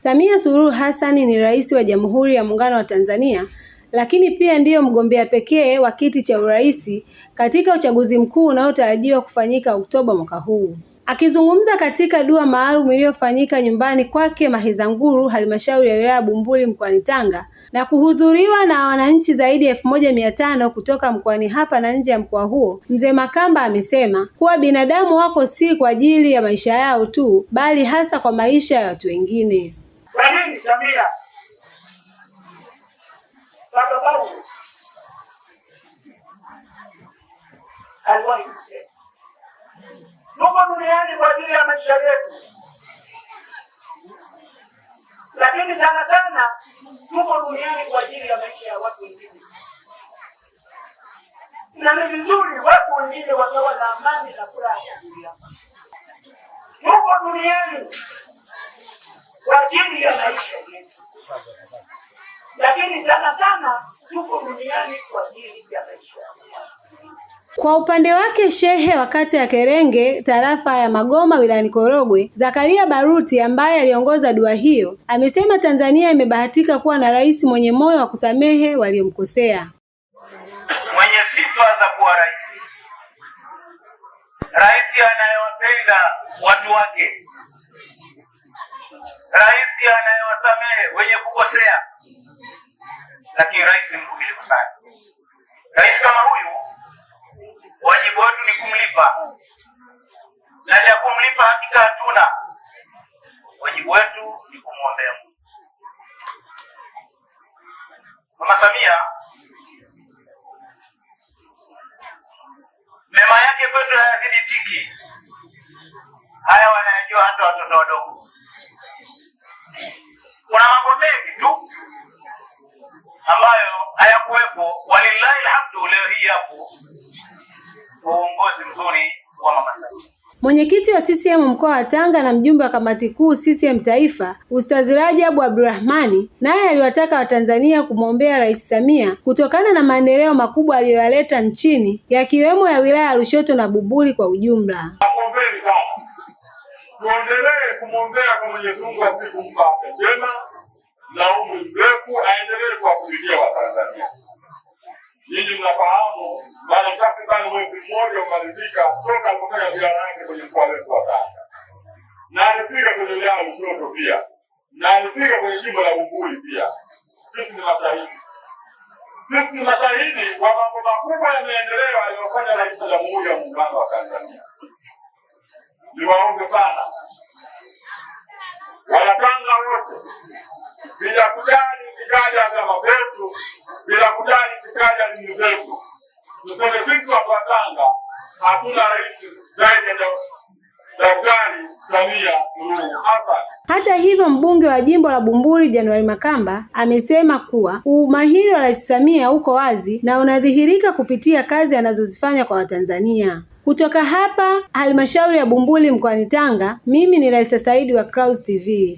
Samia Suluhu Hassan ni rais wa Jamhuri ya Muungano wa Tanzania, lakini pia ndiyo mgombea pekee wa kiti cha urais katika uchaguzi mkuu unaotarajiwa kufanyika Oktoba mwaka huu. Akizungumza katika dua maalum iliyofanyika nyumbani kwake Mahizanguru, halmashauri ya wilaya Bumbuli mkoani Tanga na kuhudhuriwa na wananchi zaidi ya elfu moja mia tano kutoka mkoani hapa na nje ya mkoa huo, Mzee Makamba amesema kuwa binadamu wako si kwa ajili ya maisha yao tu, bali hasa kwa maisha ya watu wengine nini Samia Babababu aliwahi kusema tuko duniani kwa ajili ya maisha yetu, lakini sana sana tuko duniani kwa ajili ya maisha ya watu wengine, na ni vizuri watu wengine wakawa na amani na furaha ya dunia. Tuko duniani ajili ya maisha yetu, lakini sana sana tuko duniani kwa ajili ya maisha. Kwa upande wake shehe wa kata ya Kerenge tarafa ya Magoma wilayani Korogwe, Zakaria Baruti ambaye aliongoza dua hiyo amesema Tanzania imebahatika kuwa na rais mwenye moyo wa kusamehe waliomkosea, mwenye sifa za kuwa rais, rais anayewapenda watu wake rais anayewasamehe wenye kukosea, lakini rais ni mvumilivu sana. Rais kama huyu, wajibu wetu ni kumlipa, na cha kumlipa hakika hatuna. Wajibu wetu ni kumwombea Mama Samia. Mema yake kwetu hayadhibitiki, haya wanayajua hata watoto wadogo kuna mambo mengi tu ambayo hayakuwepo. Walillahi alhamdu, leo hii hapo uongozi mzuri wa mama Samia. Mwenyekiti wa CCM mkoa wa Tanga na mjumbe wa kamati kuu CCM Taifa, Ustaz Rajabu Abdurahmani, naye aliwataka Watanzania kumwombea Rais Samia kutokana na maendeleo makubwa aliyoyaleta nchini yakiwemo ya wilaya ya Lushoto na Bumbuli kwa ujumla tuendelee kumwombea kwa Mwenyezi Mungu azidi kumpa afya njema na umri mrefu, aendelee wa Watanzania. Nyinyi mnafahamu bado takriban mwezi mmoja umalizika toka alipofanya ziara yake kwenye mkoa wetu wa Tanga, na alifika kwenye wilaya ya Lushoto pia na alifika kwenye jimbo la Bumbuli pia. Sisi ni mashahidi, sisi ni mashahidi kwa mambo makubwa yameendelea aliyofanya Rais wa Jamhuri ya Muungano wa Tanzania ni niwaombe sana wanapanga wote bila kujali itikadi ya vyama vyetu, bila kujali itikadi ya dini zetu, tuseme sisi watu wakwatanga hatuna rais zaidi ya Daktari Samia Suluhu Hassan. Hata hivyo mbunge wa jimbo la Bumbuli Januari Makamba amesema kuwa umahiri wa Rais Samia uko wazi na unadhihirika kupitia kazi anazozifanya kwa Watanzania. Kutoka hapa halmashauri ya Bumbuli mkoani Tanga, mimi ni Raisa Saidi wa Clouds TV.